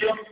you.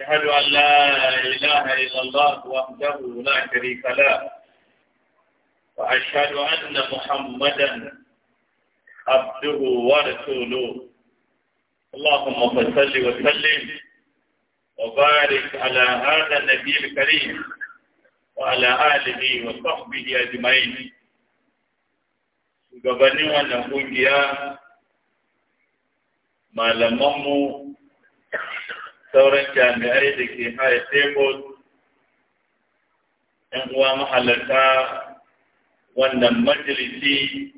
أشهد أن لا إله إلا الله وحده لا شريك له وأشهد أن محمدا عبده ورسوله اللهم صل وسلم وبارك على هذا النبي الكريم وعلى آله وصحبه أجمعين shugabanni wannan ما malamanmu sauran jami'ai da ke haya tebul ‘yan uwa mahalarta wannan majalisi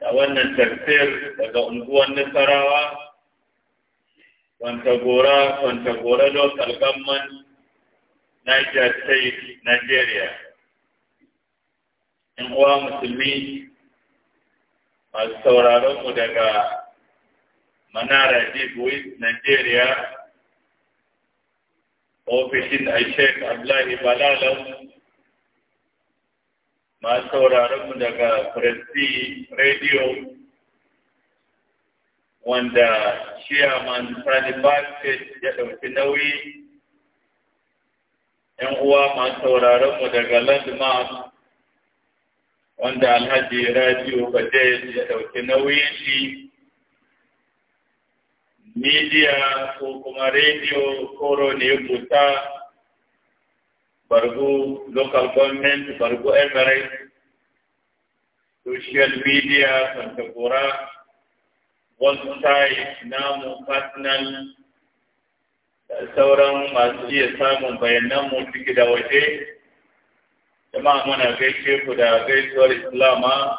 da wannan tafsir daga unguwar nasarawa kwantagora kwantagora local government niger state nigeria ‘yan uwa musulmi masu sauraronmu daga manara jibuit nigeria ofishin a sheik abdullahi balalau masu sauraronmu daga presti radio wanda chairman sani basket ya ɗauki nauyi yan uwa masu sauraronmu daga landmark wanda alhaji radio bajet ya ɗauki nauyin shi midiya ko kuma rediyo koro ne buta bargu local government bargu emirates social media santakura website namu personal sauran masu iya samun bayanan mu ciki da waje jama'a muna gaishe ku da gaisuwar islama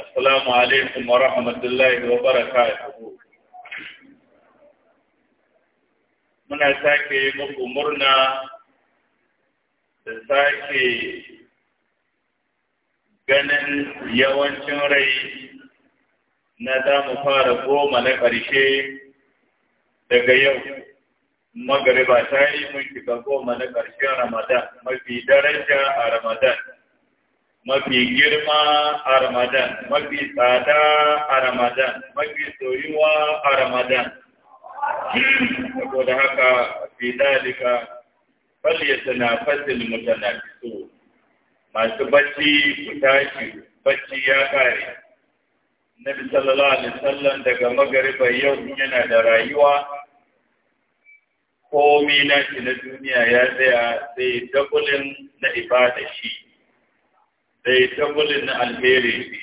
assalamu alaikum wa rahmatullahi wa barakatuhu muna sake muku murna da sake ganin yawancin rai na za fara goma na ƙarshe daga yau magariba ta yi mun shiga goma na ƙarshen ramadan mafi daraja a ramadan mafi girma a ramadan mafi tsada a ramadan mafi soyuwa a ramadan saboda haka fi dalika falyatanafasil mutanafisu masu bacci ku tashi bacci ya kare Nabi sallallahu alaihi wasallam daga magariba yau yana da rayuwa komi na shi na duniya ya tsaya sai dabulin na ibada shi sai dabulin na alheri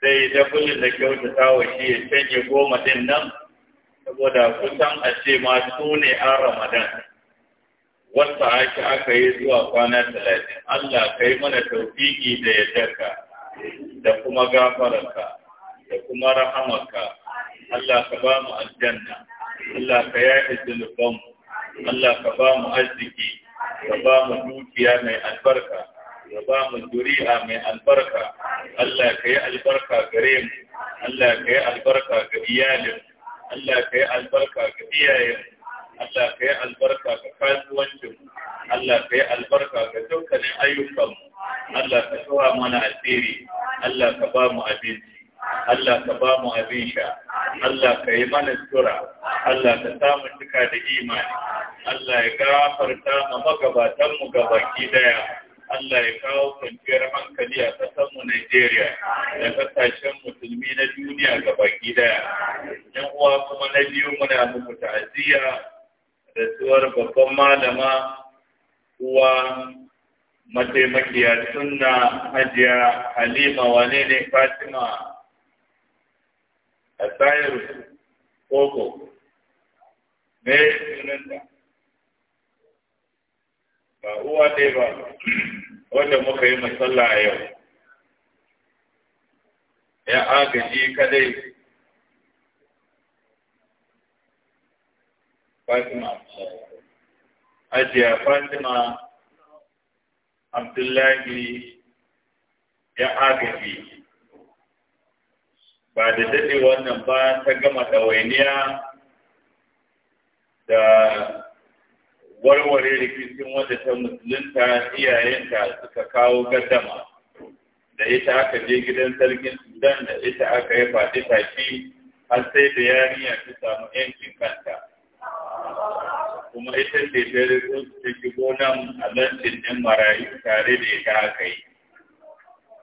sai dabulin na kyautatawa shi ya canje goma din nan saboda kusan a ce ma su ne a ramadan wata ake aka yi zuwa kwana talatin Allah ka yi mana taufiki da yardarka da kuma gafararka da kuma rahamarka Allah ka ba mu aljanna Allah ka yi zunubanmu Allah ka ba mu arziki ka ba mu dukiya mai albarka ka ba mu zuri'a mai albarka Allah ka yi albarka gare mu Allah ka yi albarka ga iyalin Allah ka yi albarka ga iyayen Allah ka yi albarka ga kasuwancin Allah ka yi albarka ga dukkanin ayyukan Allah ka tsawa mana asiri Allah ka ba mu abinci Allah ka ba mu abin sha Allah ka yi mana sura Allah ka samu cika da imani Allah ya gafarta ma magabatanmu gabaki daya Allah ya kawo kwanciyar hankali a ƙasarmu Najeriya da ƙasashen musulmi na duniya ga baki daya. Yan uwa kuma na biyu muna muku ta'aziyya da tsuwar babban malama uwa mataimakiya sunna hajiya halima wane ne fatima a tsayar koko. Me sunanta? ba uwa ɗaya ba wanda muka yi masalla a yau ya agaji kadai Fatima Ajiya Fatima Abdullahi ya agaji ba da daɗe wannan ba ta gama ɗawainiya da warware rikicin wata ta musulunta iyayenta suka kawo gaddama da ita aka je gidan sarkin sudan da ita aka yi faɗi tashi har sai da yariya ta samu yankin kanta kuma ita ce ta rikon ta shigo nan a lantin ɗin marayu tare da ita aka yi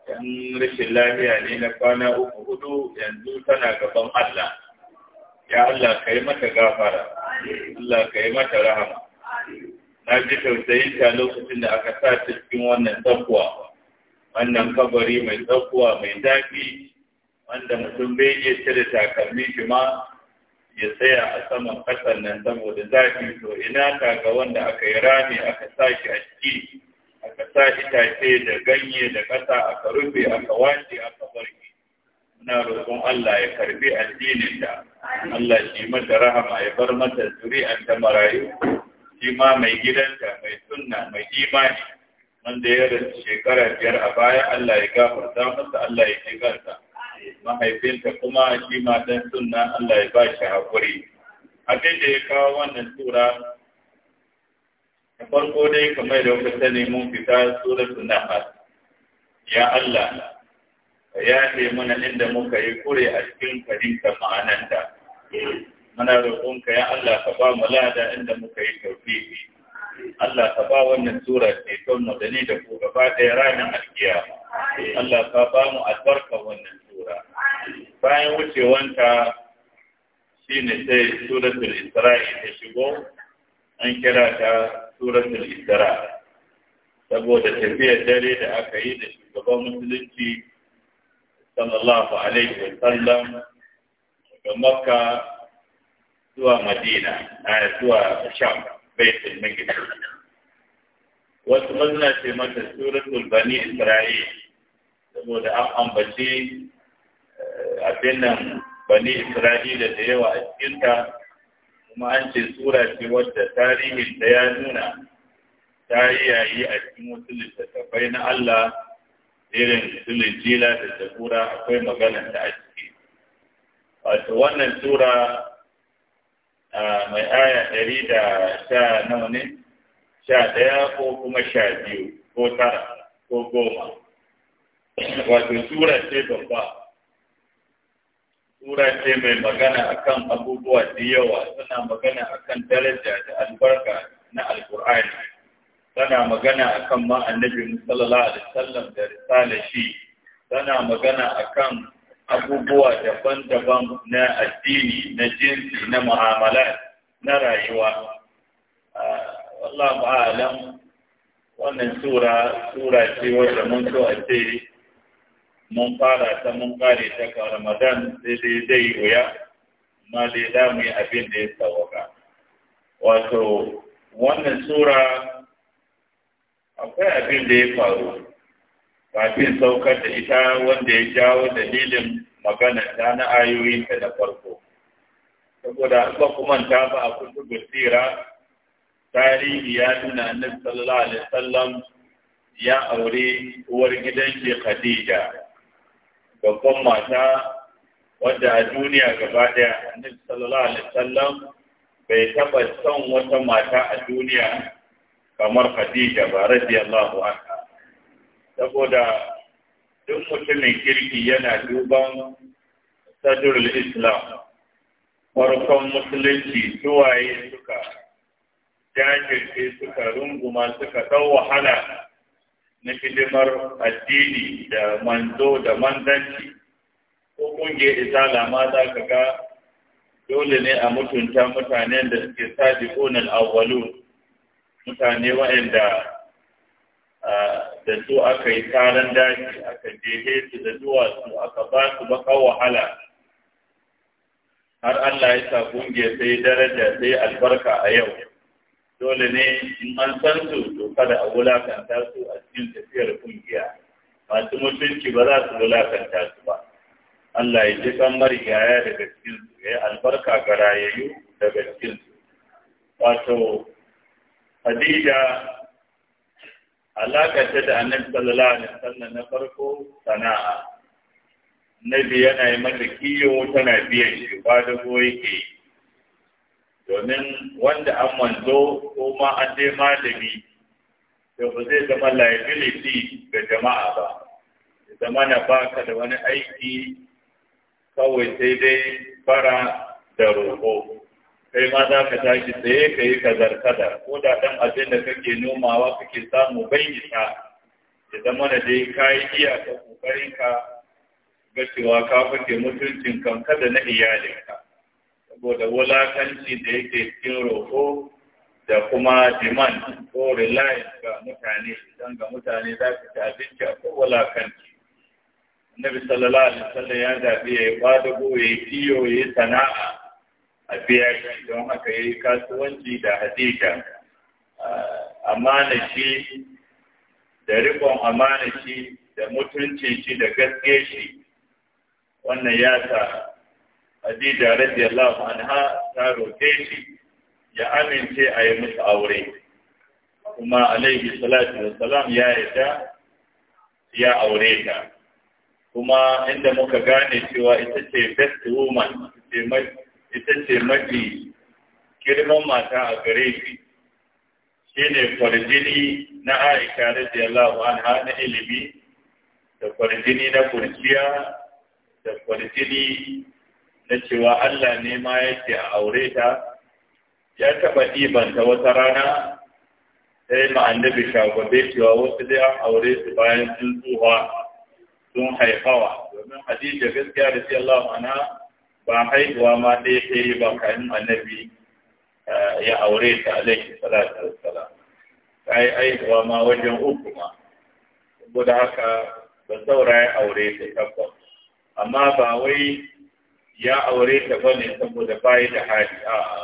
yan rashin lafiya ne na kwana uku hudu yanzu tana gaban allah ya allah ka yi mata gafara allah ka yi mata rahama na ji tausayin ta lokacin da aka sa ta cikin wannan tsakuwa wannan kabari mai tsakuwa mai zafi, wanda mutum bai iya cire takalmi shi ma ya tsaya a saman ƙasar nan saboda zafi to ina ka ga wanda aka yi rami aka sa shi a ciki aka sa itace da ganye da ƙasa aka rufe aka wace aka barke muna roƙon Allah ya karbi addinin da Allah shi mata rahama ya bar mata zuri'an ta marayu Shima mai gidanta mai sunna mai imani wanda ya rasu shekara biyar a baya Allah ya gafarta masa Allah ya jigarta mahaifinta kuma shi ma dan sunna Allah ya ba shi haƙuri abin da ya kawo wannan tura da farko dai kamar da kuka sani mun fita suratul nahl ya Allah ya ce mana inda muka yi kure a cikin karinta ma'ananta muna roƙonka ya Allah ka ba mu lada inda muka yi tauhidi Allah ka ba wannan sura ce tonno da da ku gaba ɗaya ranar alkiya Allah ka ba mu albarka wannan sura bayan wucewanta shine sai suratul isra'i ta shigo an kira ta suratul isra saboda tafiyar dare da aka yi da shugaban musulunci sallallahu alaihi wa sallam daga makka zuwa madina a zuwa sham baitul maqdis wasu mazna ce mata suratul bani isra'il saboda an ambaci eh, abin nan bani isra'ila da yawa a cikinta kuma an ce sura ce wadda tarihin da ya nuna ta yi yayi a cikin wasu littattafai na Allah irin sulin jila da Zabura akwai magana ta a ciki. Wato wannan sura mai aya ɗari da sha nawa ne sha ɗaya ko kuma sha biyu ko tara ko goma wato sura ce babba sura ce mai magana akan abubuwa da yawa tana magana akan daraja da albarka na alkur'ani tana magana akan ma sallallahu alaihi wasallam da risala shi tana magana akan abubuwa daban-daban na addini na jinsi na mu'amala na rayuwa ah, wallahu alam wannan sura sura ce wadda mun so a ce mun fara ta mun kare ta ga ramadan sai dai zai wuya amma dai za mu yi abin da ya sauka wato wannan sura akwai abin da ya faru kafin saukar da ita wanda ya jawo dalilin magana ta na ta da farko. Saboda ba kuma ta ba a kusa tsira, tarihi ya nuna annabi sallallahu alaihi wasallam ya aure uwar gidan shi Khadija, babban mata wadda a duniya gaba daya annabi sallallahu alaihi wasallam bai taɓa son wata mata a duniya kamar Khadija ba radiyallahu anha. saboda duk mutumin kirki yana duban sadrul islam farkon musulunci suwaye suka jajirce suka runguma suka ɗau wahala na hidimar addini da manzo da manzanci ko ƙungiyar izala ma za ka ga dole ne a mutunta mutanen da suke sadi al-awwalun mutane waɗanda da su aka yi taron daji aka jehe su da duwatsu aka ba su baka wahala har Allah ya sa kungiya sai daraja sai albarka a yau dole ne in an san su to kada a wulakanta su a cikin tafiyar kungiya masu mutunci ba za su wulakanta su ba Allah ya ji kan marigaya daga cikin su ya albarka ga rayayyu daga cikin su wato hadija alaƙar ta da annabi sallallahu alaihi wasallam na farko sana'a nabi yana yi mata kiyo tana biyan shi ba da goyi ke domin wanda an manzo ko ma an dai malami to ba zai zama liability ga jama'a ba zama na baka da wani aiki kawai sai dai fara da roƙo kai ma za ka tashi tsaye ka yi kazar-kazar ko da ɗan abin da kake nomawa kake samu bai ta ya zama da dai ka yi iyaka kokarin ka ga cewa ka fake mutuncin kanka da na ka. saboda wulakanci da yake cikin roƙo da kuma demand ko reliance ga mutane idan ga mutane za ka ci abinci a ko wulakanci Annabi sallallahu alaihi wasallam ya zaɓi ya yi ba ya goye, iyo ya yi sana'a a biya shi don haka ya yi kasuwanci da Hadiza, amana shi da riƙon amana shi da mutunci shi da gaske shi wannan ya sa hadida radiyallahu anha ta roƙe shi ya amince a yi musu aure kuma alaihi salatu salam ya yarda ya aure ta kuma inda muka gane cewa ita ce best woman ce mai. ita ce mafi girman mata a gare shi shi ne kwarjini na aisha radiyallahu anha na ilimi da kwarjini na kurciya da kwarjini na cewa Allah ne ma yake a aure ta ya taɓa ɗibanta wata rana sai ma annabi shagwabe cewa wasu dai an aure su bayan sun tsuwa sun haifawa domin hadija gaskiya da Allah ma'ana ba haihuwa ma ɗaya ta ba kayan annabi eh, ya aure ta alaihi salatu wassalam ta yi haihuwa ma wajen uku ma saboda haka ba saura ya aure ta tabbas amma ba wai ya aure ta bane saboda bayi da hali a'a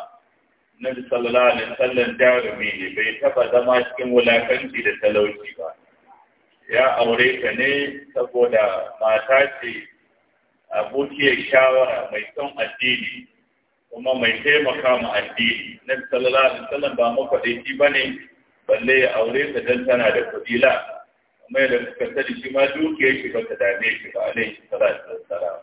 na sallallahu alaihi wasallam jarumi ne bai taba zama cikin wulakanci da talauci ba ya aure ta ne saboda mata ce abokiyar shawara mai son addini kuma mai taimaka ma addini na sallallahu alaihi wasallam ba makwaɗaici ba ne balle ya aure ta dan tana da kuɗi kuma da suka sani shi ma dukiyar shi ba ta dame shi ba alaihi salatu wassalam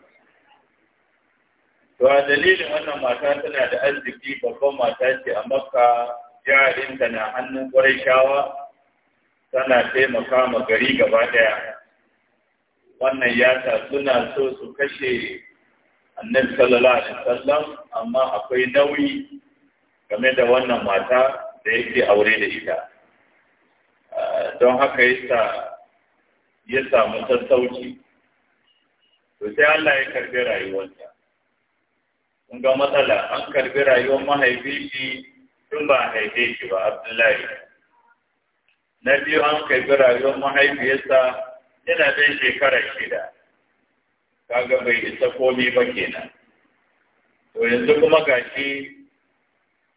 to a dalilin wannan mata tana da arziki babban mata ce a makka jarinta na hannun ƙwarai shawa tana taimaka ma gari gaba daya wannan yata suna so su kashe annabi sallallahu alaihi wasallam amma akwai nauyi game da wannan mata da yake aure da ita ah, don haka yasa ya samu sassauci to sai Allah ya karbi rayuwarta kun ga matsala an karbi rayuwar mahaifi shi tun ba haife shi ba Abdullahi na biyu an karbi rayuwar mahaifiyarsa yana ɗan shekara shida kaga bai isa komi ba kenan to yanzu kuma gashi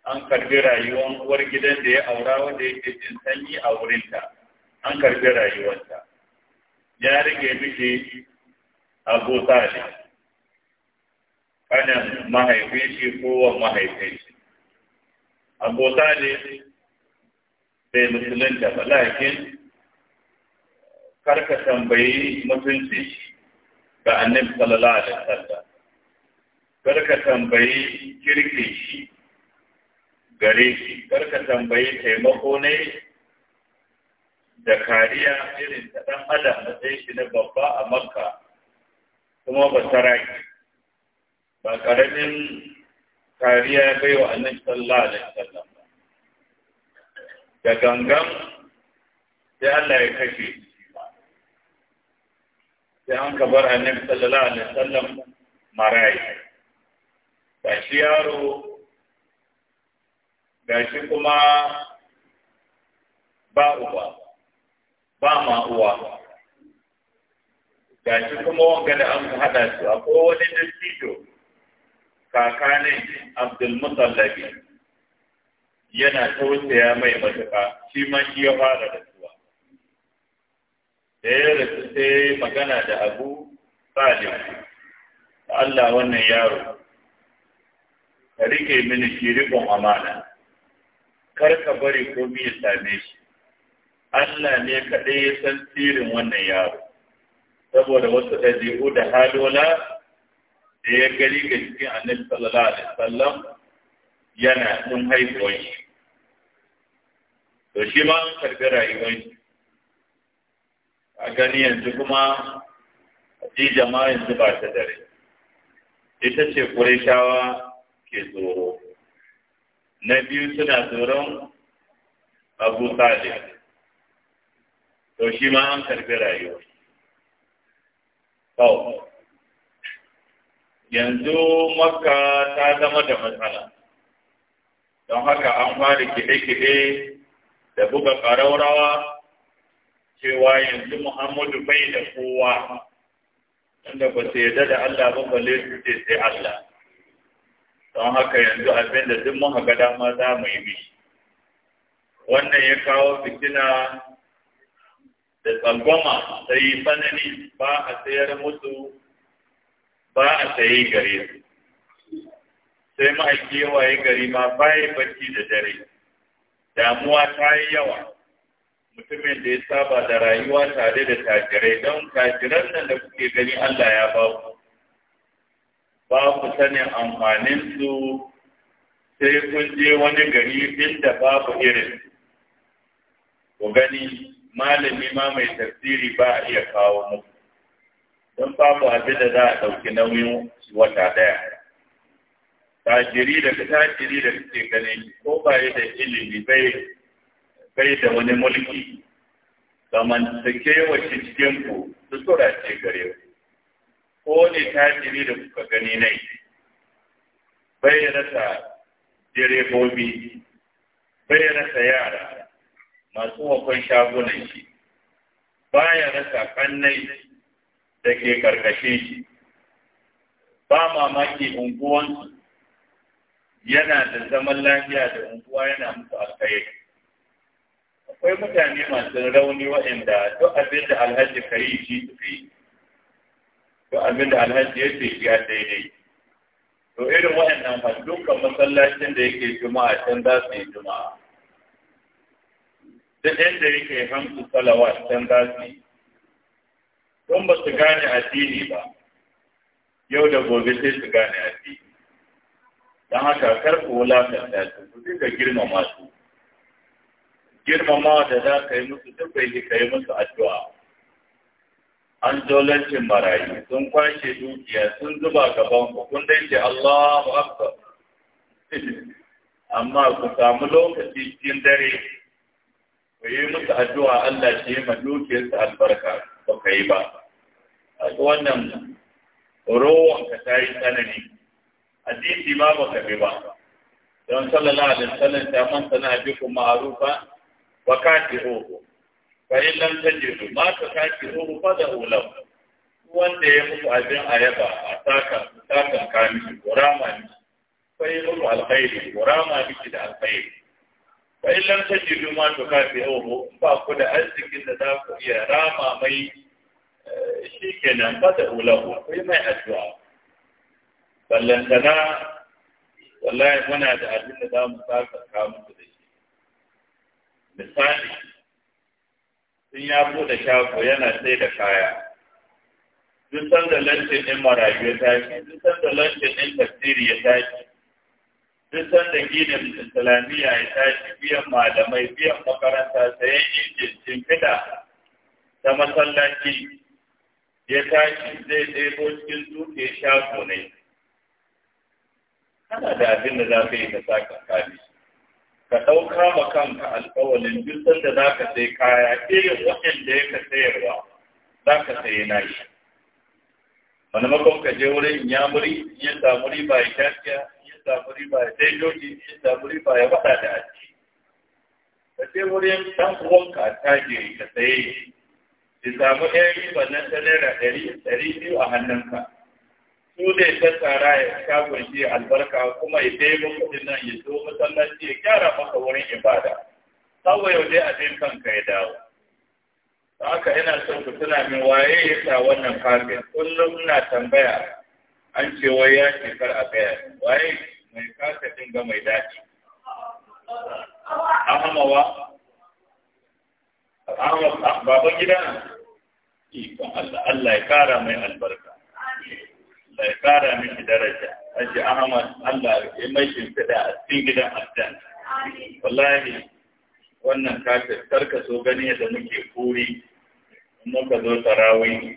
an karbi rayuwan uwar gidan da ya aura wanda yake jin sanyi a wurinta an karbi rayuwarta ya rike mishi abu talib kanan mahaifin shi kowa mahaifin shi abu talib bai musulunta ba lakin karka tambayi mutunci ga annabi sallallahu alaihi wasallam karka tambayi kirki shi gare shi karka tambayi taimako ne da kariya irin ta ɗan adam sai shi na babba a makka kuma ba saraki ba ƙaramin kariya bai wa annabi sallallahu alaihi wasallam da gangan sai Allah ya kashe shi sai an ka bar annabi sallallahu alaihi wasallam marayi ga shi yaro ga shi kuma ba uba ba ma uwa ga shi kuma wanga da an haɗa su ko wani dattijo kakanin abdulmutallabi yana tausaya mai matuƙa shi ma shi ya fara da da ya rasu sai magana da abu salim Allah wannan yaro ka rike mini shi amana kar ka bari komi ya same shi Allah ne kaɗai ya san tsirin wannan yaro saboda wasu ɗabi'u da halola da ya gari ga cikin annabi sallallahu alaihi wasallam yana sun haifoyi. shi to shi ma an karbi rayuwar a gani yanzu kuma Khadija ma yanzu ba ta dare ita ce Qurayshawa ke tsoro na biyu suna tsoron Abu Talib to shi ma an karbi rayuwa to yanzu Makka ta zama da matsala don haka an fara kiɗe-kiɗe da buga ƙaraurawa cewa yanzu Muhammadu bai da kowa wanda ba su yarda da Allah ba balle su ce sai Allah don haka yanzu abin da duk muka ga dama za mu yi mishi wannan ya kawo fitina da tsangwama ta yi tsanani ba a sayar musu ba a sayi gare su sai ma a ya gari ma baya bacci da dare damuwa ta yi yawa mutumin da ya saba da rayuwa tare da tajirai don tajiran nan da kuke gani Allah ya ba ku ba ku sanin amfanin su sai kun je wani gari inda babu irin ku gani malami ma mai tafsiri ba a iya kawo muku don babu abin da za a ɗauki nauyin wata ɗaya tajiri da tajiri da kuke gani ko ba da ilimi bai kai da wani mulki zamantakewa cikin ku tura ce gare ku ko ne ta tajiri da kuka gani nai bai rasa direbobi bai rasa yara masu wakon shagunan shi baya rasa kannai da ke karkashin shi ba mamaki unguwansu yana da zaman lafiya da unguwa yana musu alkhairi akwai mutane masu rauni waɗanda to abin da alhaji ka yi shi su fi to abin da alhaji ya ce ya daidai to irin waɗannan ba dukkan masallacin da yake juma'a can za su yi juma'a duk inda yake hamsu salawa can za su yi don ba su gane addini ba yau da gobe sai su gane addini don haka kar ku wulakanta su ku dinga girmama su girmama da za ka yi musu duk bai ka yi musu addu'a an dolancin marayu sun kwashe dukiya sun zuba gaban ku kun dai ce Allahu Akbar amma ku samu lokaci cikin dare ku yi musu addu'a Allah shi ma su albarka ba ka yi ba a wannan rowan ka ta yi tsanani hadisi ma ba ka bi ba don sallallahu alaihi wasallam ta man sana kuma a ma'rufa wakati kafiruhu bari in lam tajidu ma ka kafiruhu fad'u ulam wanda ya muku abin ayaba a saka sakan kamishi gurama miki sai in ulu alkhairi gurama biki da alkhairi fa in lam tajidu ma ka kafiruhu ba ku da arzikin da za ku iya rama mai eh, shi kenan fad'u lahu ku yi mai addu'a ballantana wallahi muna da abin da za mu saka kamusu da misali sun ya bude shago yana sai da kaya duk da lantin ɗin marayu ya tashi duk da lantin ɗin tafsiri ya tashi duk da ginin islamiyya ya tashi biyan malamai biyan makaranta sayan injin cimfida ta masallaci ya tashi zai ɗebo cikin tuke shago ne kana da abin da za ka yi ka sa kankani ka ɗauka ma kanka alƙawalin duk sanda za ka sai kaya irin waɗanda ya ka sayarwa za ka sayi nashi makon ka je wurin ya muri ya samu riba ya kyakkya ya samu riba ya in ya samu riba ya wada da aji ka je wurin ɗan uwanka tajiri ka saye ya samu ɗaya riba na naira ɗari ɗari biyu a hannunka su ne ta tsara ya shagon shi albarka kuma ya dai kuɗin nan ya zo masallaci ya gyara maka wurin ibada kawai yau dai abin kanka ya dawo haka ina son ku tuna min waye ya sa wannan kafin kullum na tambaya an ce wai ya shekar a gaya waye mai kasa dinga mai dace ahamawa ahamawa baban gida ikon Allah Allah ya kara mai albarka bai ya kara daraja Haji Ahmad Allah ya mai fida a cikin gidan Abdan wallahi wannan kafin karka so gani yadda muke kuri muka zo tarawih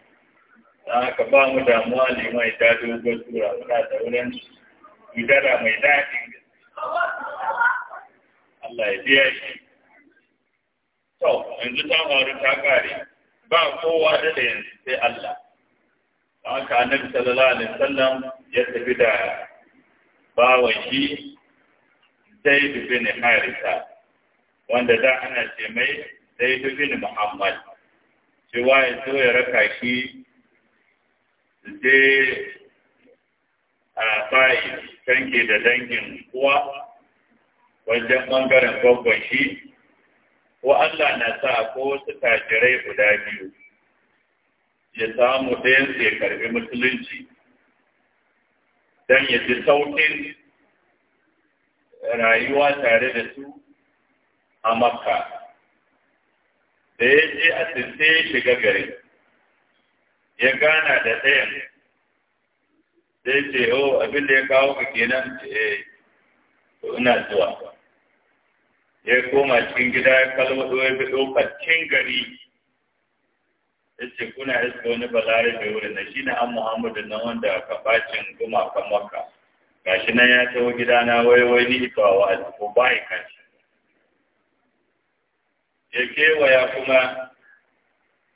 da haka ba mu damuwa ne mai ta dogon tura muna da wurin gidara mai daɗi Allah ya biya shi to yanzu ta faru ta kare ba kowa da da yanzu sai Allah haka annabi sallallahu alaihi wasallam ya tafi da bawan shi dubi bin Harisa wanda da ana ce mai dubi bin Muhammad Shi ya zo ya raka shi je a bai tanke da dangin kuwa wajen ɓangaren gwaggon shi ko Allah na sa ko su tajirai guda biyu ya samu ɗayan ya karbi musulunci don ya ji sauƙin rayuwa tare da su a makka da ya je a tsince ya shiga gari ya gana da ɗayan sai ce o oh, abin da ya kawo ka kenan eh ina zuwa ya koma cikin gida ya kalmado ya bi cin gari yace kuna iska wani balare da wuri na shi na an muhammadu na wanda ka bacin ka. maka gashi nan ya tawo gidana wai wai ni ba wa ko bai kashi ya kewaya kuma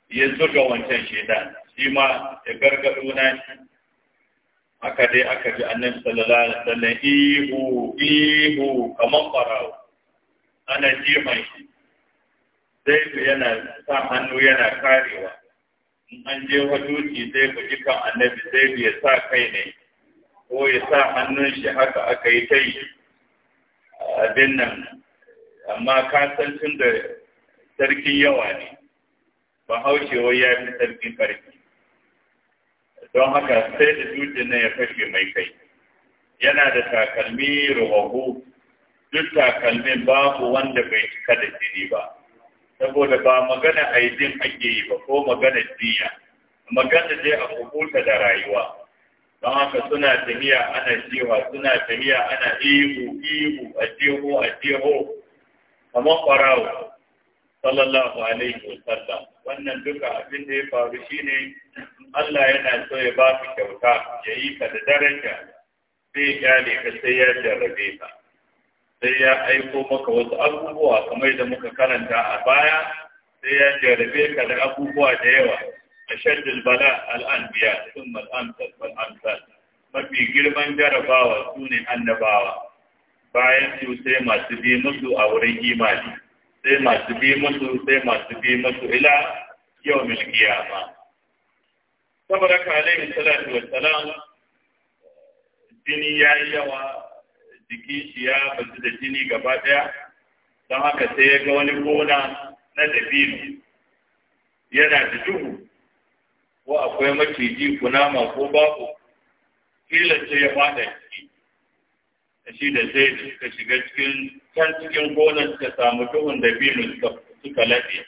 ya zuga wancan shaidan shi ma ya gargaɗo na shi aka dai aka ji annan sallallahu alaihi wasallam ihu ihu kaman farawo ana jiman shi sai yana sa hannu yana karewa an je duki zai ku jikan annabi sai ya sa kai ne ko ya sa hannun shi haka aka yi ta yi abin nan amma kasancin da sarkin yawa ne ba haushewar ya fi sarkin ƙarfi don haka sai da dutse na ya fashe mai kai yana da takalmi ruhahu duk takalmin babu wanda bai cika da jini ba saboda ba magana aibin ake yi ba ko magana jiya, magana dai a kubuta da rayuwa don haka suna jami'a ana cewa suna jami'a ana ihu ihu a jeho a jeho kamar ƙwarawa sallallahu alaihi wasallam wannan duka abin da ya faru shine Allah yana so ya ba ka kyauta ya yi ka da daraja zai kyale ka sai ya jarrabe ka sai ya aiko maka wasu abubuwa kamar da muka karanta a baya sai ya jarabe ka da abubuwa da yawa a shaddul bala al'anbiya sun mal'amsal mal'amsal mafi girman jarabawa su ne annabawa bayan su sai masu bi musu a wurin imani sai masu bi musu sai masu bi musu ila yau mil kiyama saboda ka alaihi salatu wassalam jini yayi yawa jikin shi ya bazu da jini gaba ɗaya, don haka sai ya ga wani gona na dabino yana da duhu ko akwai maciji kunama ko babu kila ce ya fada jiki, da shi da sai suka shiga cikin can cikin gonar suka samu duhun dabino suka lafiya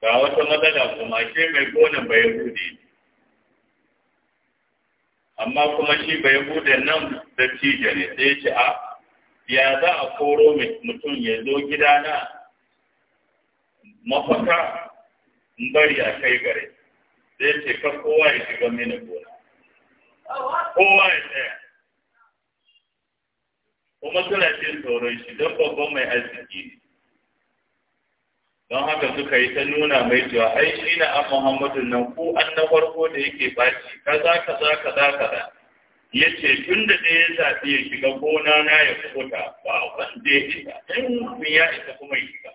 ga wata matsala kuma shi mai gonar bai hude amma kuma shi bai bude nan da tije ne sai ce a ya za a koro mutum ya zo gidana mafaka in bari a kai gare sai ce ka kowa ya shiga mini gona kowa ya tsaya kuma suna cin tsoron shi don babban mai arziki ne don haka suka yi ta nuna mai cewa ai shi na an muhammadun nan ko an na farko da yake baci kaza kaza kaza kaza ya ce tun da ɗaya ya zaɓi ya shiga gona na ya kuta ba wanda ya shiga ɗan mutum ya isa kuma ya shiga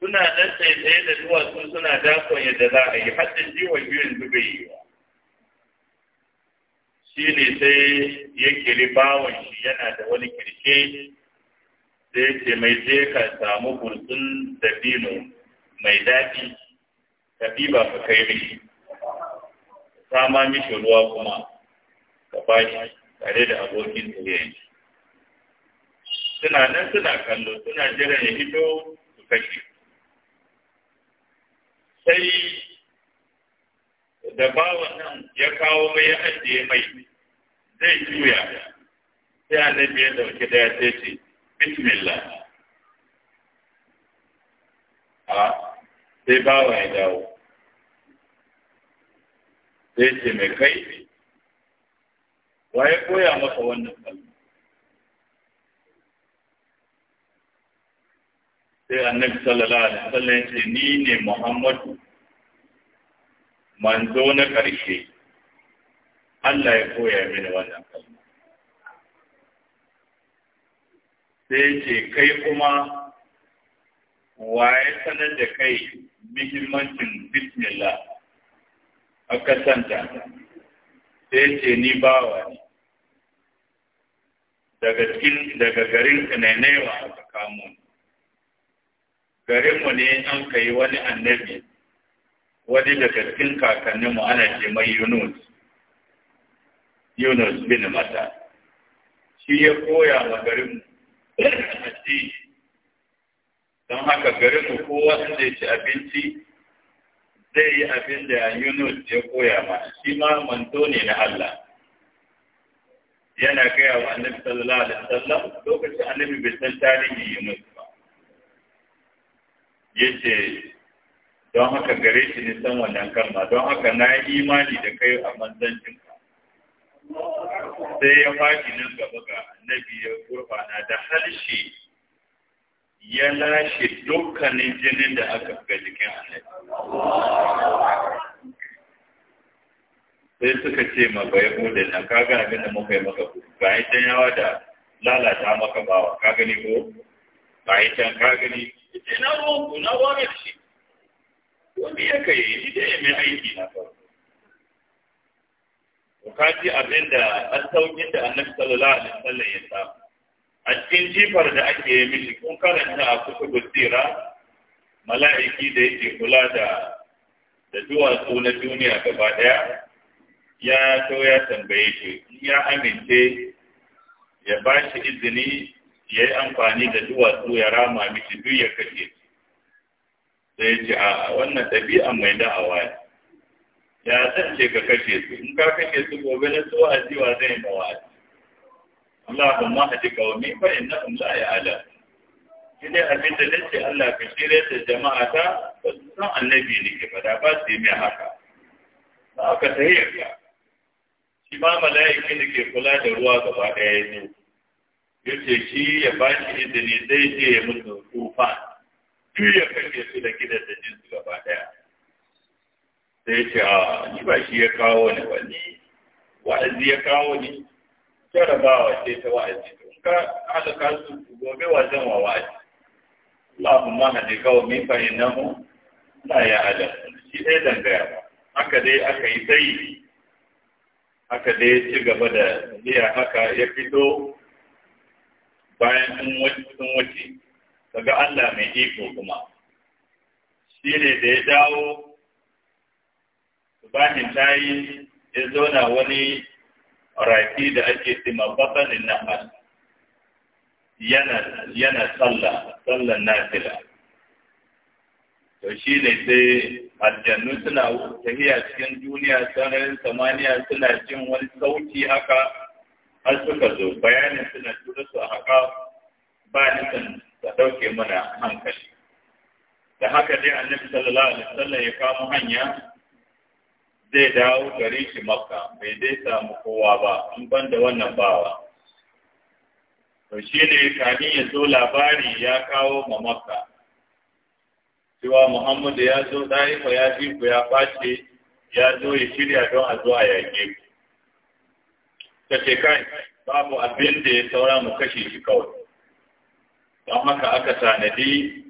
suna ɗan tsaye da duwatsu suna dakon yadda za a yi da jiwon biyun zuga yi wa shi ne sai ya kiri bawon shi yana da wani kirshe sai ce mai je ka samu burtsun dabino mai daɗi ka ba ka kai mishi ma mishi ruwa kuma ka ba shi tare da abokin shi suna nan suna kallo suna jiran ya hito su kashe sai da bawan nan ya kawo mai ya ajiye mai zai juya sai annabi ya dauki daya sai ce bismillah a sai bawa ya dawo sai ce mai kai wannan sallallahu alaihi wasallam ni ne muhammadu manzo na karshe Allah ya koya mini wannan sai ce kai kuma waye sanar da kai muhimmancin bismillah a kasanta sai ce ni bawa ne daga cikin daga garin Kanenewa aka kamo garinmu ne an kai wani annabi wani daga cikin kakanninmu ana ce mai Yunus Yunus bin Mata shi ya koya ma garinmu addini don haka gare ku kowa inda ya ci abinci zai yi abin da Yunus ya koya ma shi ma manto ne na Allah yana gaya wa annabi sallallahu alaihi wasallam lokacin annabi bai san tarihi Yunus ba yace don haka gare shi ne san wannan kalma don haka na yi imani da kai a manzancinka sai ya faɗi nan gaba ga annabi ya gurbana da harshe ya lashe dukkanin jinin da aka ga jikin annabi sai suka ce ma bai da na kaga abin da muka yi maka ba yi can yawa da lalata maka bawa ka gani ko ba yi can ka gani ita na ruwan ku na wani shi wani ya kai ni da ya mai aiki na kawai kaji abin da an saukin da annabi sallallahu alaihi wasallam ya sa a cikin jifar da ake yi mishi kun karanta a kusa sira mala'iki da yake kula da da duwatsu na duniya gaba ɗaya, ya so ya tambaye shi ya amince ya ba shi izini ya yi amfani da duwatsu ya rama mishi duk ya kashe sai ya ce a wannan ɗabi'a mai da'awa ne da san ce ka kashe su in ka kashe su gobe na su a wa zai ma wa Allahumma hadi qaumi fa innahum la ya'lamun shine abin da nace Allah ka shirya da jama'a ta ba su san annabi ne ke fada ba su yi mai haka ba ka tahiyar ka shi ma mala'ikin da ke kula da ruwa gaba ɗaya ya zo ya ce shi ya ba shi izini zai je ya mutu kufa duk ya kashe su da gidan da jinsu gaba ɗaya sai ce a ni ba shi ya kawo ni ba ni wa'azi ya kawo ni jarabawa ce ta wa'azi to ka haka kasu gobe wa zan wa wa'azi ma hadi kawo min fa innahu la ya'lam shi dai dangaya ba haka dai aka yi sai haka dai ci gaba da biya haka ya fito bayan sun wuce Daga Allah mai iko kuma shi ne da ya dawo bahin ta yi ya zauna wani rafi da ake tsima fasalin nahal yana yana tsalla na nafila to shi ne sai aljannu suna tafiya cikin duniya sanarin samaniya suna jin wani sauti haka har suka zo bayanin suna tura su haka ba nisan ta ɗauke mana hankali da haka dai annabi sallallahu alaihi wasallam ya kamo hanya zai dawo gare shi makka bai dai samu kowa ba in ban da wannan bawa to shi ne kamin ya zo labari ya kawo ma makka cewa muhammadu ya zo ɗaifa ya fi ku ya ɓace, ya zo ya shirya don a zo a yaƙe ta ce kai babu abin da ya saura mu kashe shi kawai don haka aka tanadi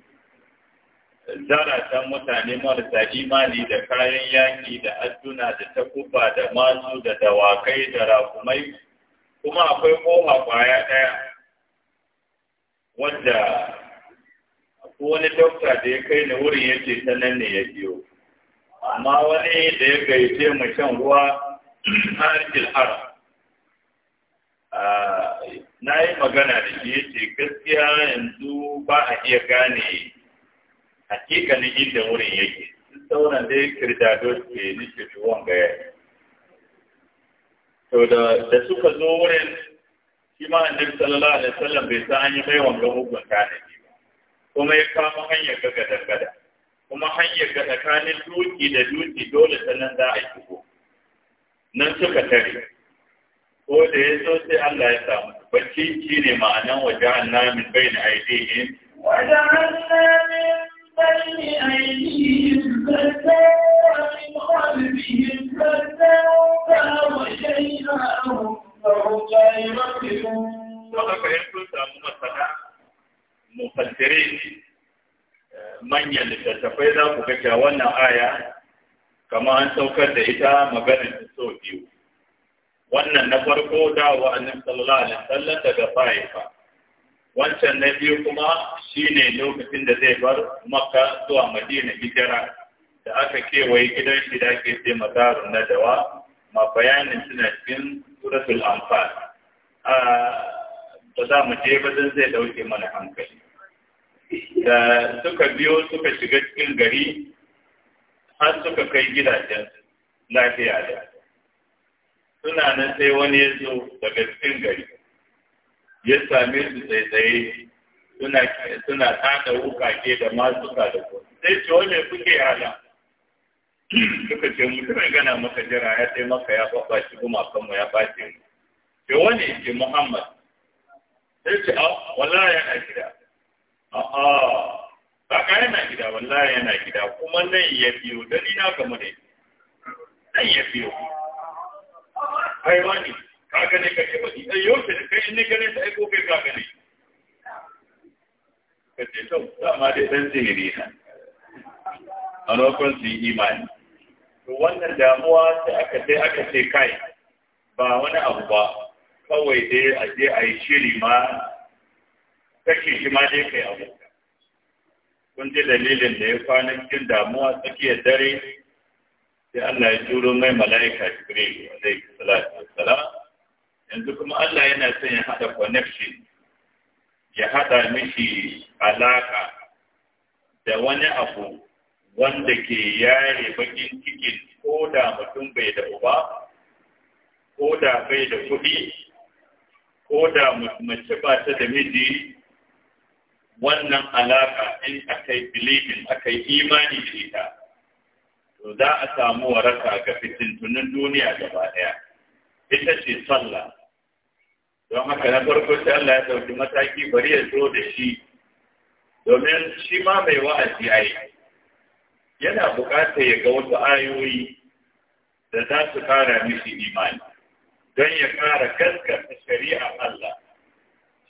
zaratan mutane marasa imani da kayan yaƙi da adduna da takuba da masu da dawakai da rakumai kuma akwai kowa kwaya ɗaya wanda wani dokta da ya kai ni wurin ce ta nan ne ya biyo amma wani da ya gaice mu shan ruwa harkil har na yi magana da shi ya ce gaskiya yanzu ba a iya gane hakikanin inda wurin yake sauran dai kirdado ke nishe tuwon ga yayi to da suka zo wurin shi ma annabi sallallahu alaihi wasallam bai san an yi mai wanga hukun tanadi ba kuma ya kama hanyar ga gada gada kuma hanyar ga tsakanin duki da duki dole sannan za a shigo nan suka tare ko da ya so sai Allah ya samu bacci shi ne ma'anan wajen annamin bai na aidehim wajen annamin بين masana manyan littattafai za ku wannan aya kama an saukar da ita maganin da biyu. Wannan na farko dawa annabi sallallahu alaihi wasallam daga fa'ifa. wancan na biyu kuma shi ne lokacin da zai bar maka zuwa madina hijira da aka kewaye gidan shi da ke ce mazaru na dawa ma bayanin suna cikin suratul anfal ba za mu je ba zan zai dauke mana hankali da suka biyo suka shiga cikin gari har suka kai gidajen lafiya da suna nan sai wani ya zo daga cikin gari ya same su tsaitsaye suna suna tada wukake da masuka da ku sai ce wane kuke hala suka ce ya gana maka jira ya sai maka ya faɓa shi kuma kanmu ya ɓace mu ce wane ce muhammad sai ce a wallahi yana gida a'a ka yana gida, wallahi yana gida, kuma nan ya biyo, dalila kamar ne, nan ya biyo, kai wani, ka gane ka ce ba ni ɗan yau da kai in ni gane ta aiko kai kaga gane ka ce to dama dai ɗan sihiri na a lokacin su yi imani to wannan damuwa sai aka sai aka ce kai ba wani abu ba kawai dai a je a yi shiri ma kake shi ma dai kai abu kun ji dalilin da ya kwana cikin damuwa tsakiyar dare sai Allah ya turo mai mala'ika Jibril alaihi salatu wassalam yanzu kuma Allah yana son ya haɗa connection ya haɗa mishi alaƙa da wani abu wanda ke yare bakin cikin ko da mutum bai da uba ko da bai da kuɗi ko da mace ba ta da miji wannan alaƙa in aka yi believing aka yi imani da ita to za a samu waraka ga fitintunin duniya gaba ɗaya ita ce sallah don haka na farko sai Allah ya ɗauki mataki bari ya zo da shi domin shi ma mai wa'azi yi yana buƙatar ya ga wasu ayoyi da za su kara mishi imani don ya kara gaskata shari'a Allah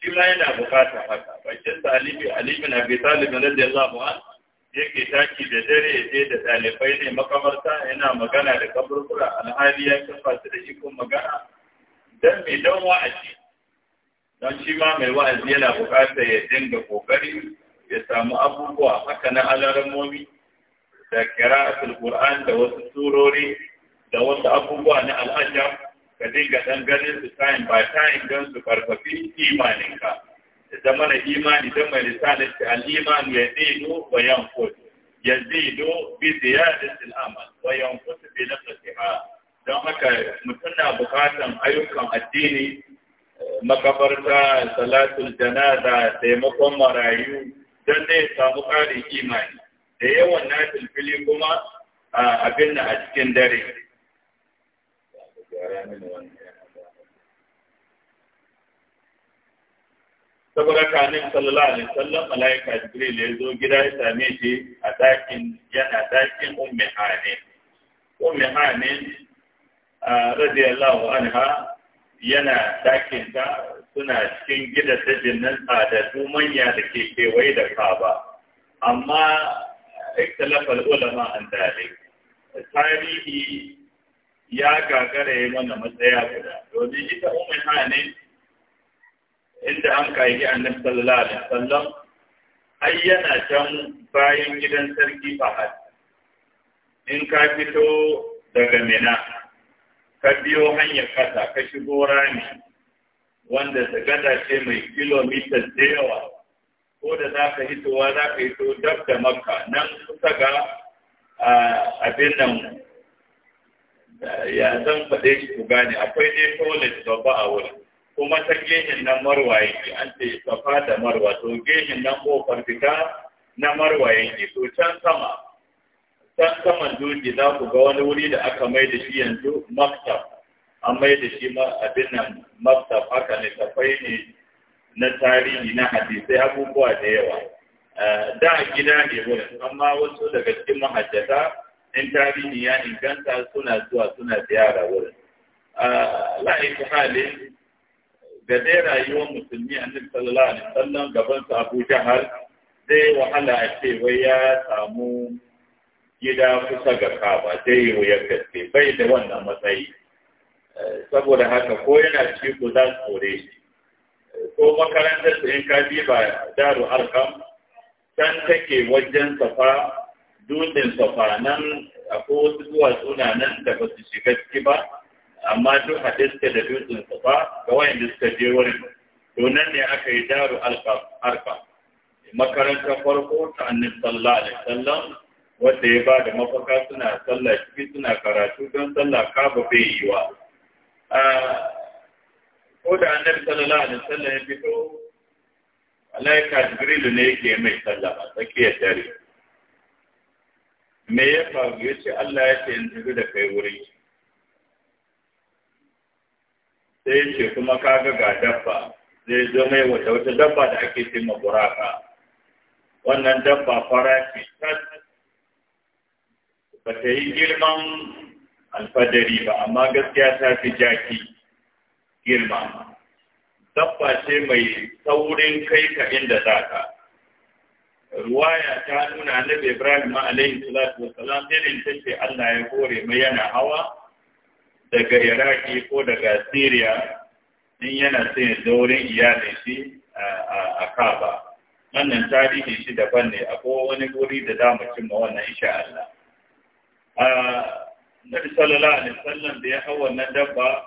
shi ma yana bukata haka bakin da alibi alibi na bi talibin radiyallahu yake taki da dare ya je da ɗalibai ne makamarta yana magana da kaburbura alhali ya kafa su da ikon magana Don mai dan wa'azi don shi ma mai wa'azi yana bukatar ya dinga kokari ya samu abubuwa haka na alarammomi da kira'atul qur'an da wasu surori da wasu abubuwa na al'ajab ka dinga dan ganin su time by time don su farfafi imaninka da zama na imani don mai lisanin ta al'iman ya zido wa yankus ya zido bi ziyarar amal wa yankus bi fasiha don haka mutum na bukatan ayyukan addini makabarta salatul janaza taimakon marayu don zai samu ƙarin imani da yawan na filfili kuma abin da a cikin dare saboda kanin sallallahu alaihi wasallam malaika jibril ya zo gida ya same shi a dakin yana dakin ummi hanin ummi radiyallahu anha yana dakinta suna cikin gida tajin nan su manya da ke kewaye da kaba amma ikhtilafal ulama an dare tarihi ya gagara ya mana matsaya guda domin ita umar hane inda an kayi annabi sallallahu alaihi wasallam ai yana can bayan gidan sarki fahad in ka fito daga mina ka biyo hanyar kasa ka shigo rami wanda gada ce mai kilomita da yawa ko da za ka hitowa za ka hito dab da makka nan kusa ga abin nan ya zan faɗe shi ku gane akwai dai toilet babba a wurin kuma ta gehin nan marwa yake an ce safa da marwa to gehin nan kofar fita na marwa yake to can sama can saman duki, za ku ga wani wuri da aka mai da shi yanzu maktab an mai da shi abin nan maktab haka ne kafai ne na tarihi na hadisai abubuwa da yawa eh, da gida ne wurin amma wasu daga cikin mahajjata in tarihi ya inganta suna zuwa suna ziyara wurin eh, la'aiki hali ga dai rayuwar musulmi annabi sallallahu alaihi wasallam gaban su Abu jahar zai wahala a ce wai ya samu gida kusa ga kaba zai yi wuyar gaske bai da wannan matsayi eh, saboda haka ko yana ciko za su kore shi eh, ko makarantar su in kaji ba daru arkam can take wajen safa dutsen safa nan ko wasu zuwa na nan da ba su shiga ciki ba amma duk haɗe suke da dutsen safa ga wayanda suka je wurin to nan ne aka yi daru arkam makarantar farko ta annabi sallallahu alaihi wasallam wanda ya ba da mafaka suna sallah ciki suna karatu don sallah ba bai yi wa. Ko da annabi sallallahu alaihi wasallam ya fito, malaika Jibrilu ne yake mai sallah a tsakiyar dare. Me ya faru ya ce Allah ya ce in da kai wuri. Sai ce kuma kaga ga dabba, zai zo mai wata wata dabba da ake ce buraka. Wannan dabba fara tas ba ta yi girman alfadari ba amma gaskiya ta fi jaki girma dabba ce mai saurin kai ka inda za ka ruwaya ta nuna annabi ibrahim alaihi salatu wasalam irin ta ce allah ya kore mai yana hawa daga iraki ko daga syria in yana sai zaurin iyalin shi a kaba wannan tarihi shi daban ne kowa wani guri da za mu cimma wannan insha allah Nabi sallallahu alaihi wasallam da ya hau wannan dabba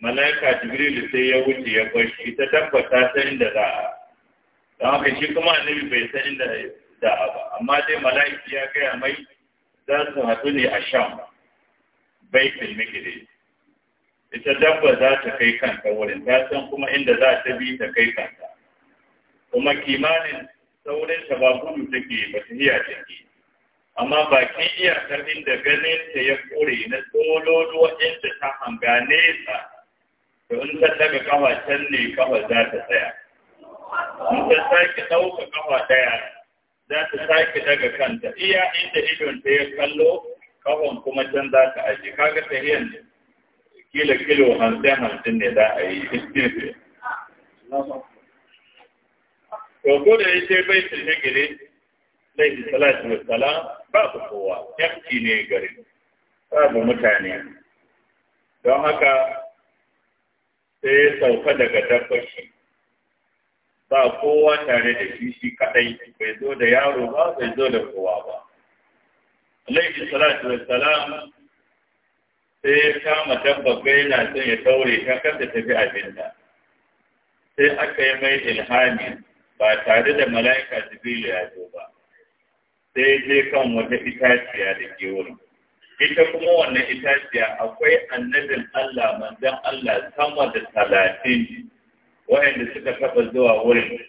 malaika Jibril sai ya wuce ya bar shi ta dabba ta san inda za a don haka shi kuma annabi bai san inda za a ba amma dai malaiki ya gaya mai za su haɗu ne a sham baitul miqdis ita dabba za ta kai kanta wurin ta san kuma inda za ta bi ta kai kanta kuma kimanin saurin ta ba gudu take ba ta hiya take amma bakin iyakar inda ganin ta ya kore na tsololuwa inda ta hanga nesa to in ta daga kawa can ne kawa za ta tsaya in ta sake ɗauka kawa ɗaya za ta sake daga kanta iya inda idon ta ya kallo kafan kuma can za ta aje kaga tahiyan kila kilo hamsin hamsin ne za a yi to ko da ya ce bai ta shigire alaihi salatu salam, babu kowa tafki ne ba babu mutane don haka sai ya sauka daga dabbar shi ba kowa tare da shi shi kadai bai zo da yaro ba bai zo da kowa ba alaihi salatu salam sai ya kama dabbar gaina son ya daure ta kada tafi abinda sai aka yi mai ilhami ba tare da mala'ika jibrilu ya zo ba sai je kan wata itaciya da ke wurin ita kuma wannan itaciya akwai annabin Allah manzan Allah sama da talatin wa'anda suka taɓa zuwa wurin